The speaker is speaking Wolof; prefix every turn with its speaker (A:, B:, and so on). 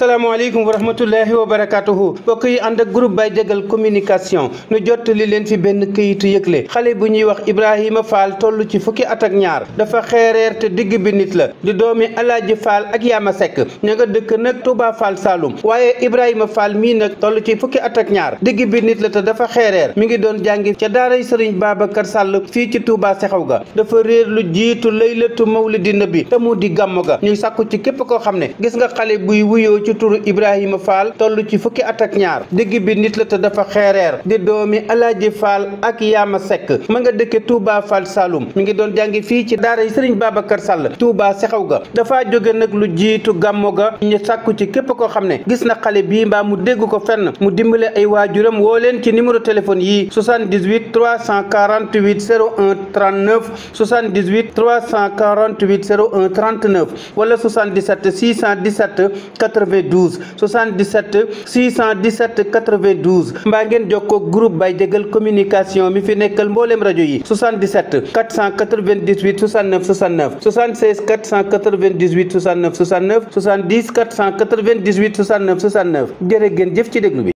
A: salaamaaleykum wa rahmatullahi wa barakatuhu bokk yi ànd ak groupe Baye Diagal communication nu jot leen fi benn kayitu yëgle xale bu ñuy wax Ibrahima Fall toll ci fukki at ak ñaar dafa xeereer te digg bi nit la di doomi Alaaji Fall ak Yaama sekk ña nga dëkk nag Touba Fall Saloum waaye Ibrahima Fall mii nag toll ci fukki at ak ñaar digg bi nit la te dafa xeereer mi ngi doon jàngi ca daaray Sëriñ Babacar sàll fii ci Touba Sexaw ga dafa réer lu jiitu laylatu mawlidi nabi te mu di gàmmu ga sàkku ci képp koo xam ne gis nga xale buy wuyoo ci turu Ibrahima Fall ci fukki at ak ñaar digg bi nit la te dafa xeereer di doomi Alaaji Fall ak Yaama ma nga dëkke Touba Fall Saloum mu ngi doon jàngi fii ci daara Serigne Babacar Sall Touba sexaw ga dafa jóge nag lu jiitu gàmmo ga ñu sàkku ci képp koo xam ne gis na xale bi mbaa mu dégg ko fenn mu dimbale ay waajuram woo leen ci numéro téléphone yii 78 348 01 39 78 348 01 39 wala 77 617 80 77 617 92 maguen joko groupe Bay communication mi fi nekkal 77 498 69 69 76 498 69 69 70 498 69 69